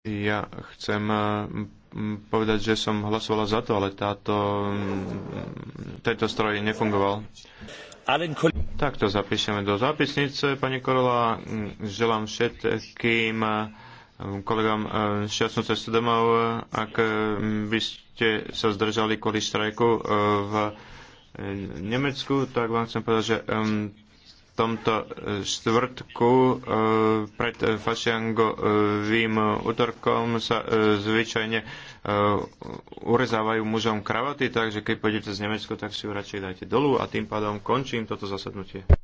Ja chcem eh, povedať, že som hlasovala za to, ale táto, mm, tento stroj nefungoval. Takto zapíšeme do zápisnice. Pani Korola, mm, želám všetkým eh, kolegám eh, šťastnú cestu domov, ak by ste sa zdržali kvôli štrajku v Nemecku, tak vám chcem povedať, že tomto e, štvrtku e, pred fašiangovým e, útorkom sa zvyčajne urezávajú mužom kravaty, takže keď pôjdete z Nemecko, tak si ju radšej dajte dolu a tým pádom končím toto zasadnutie.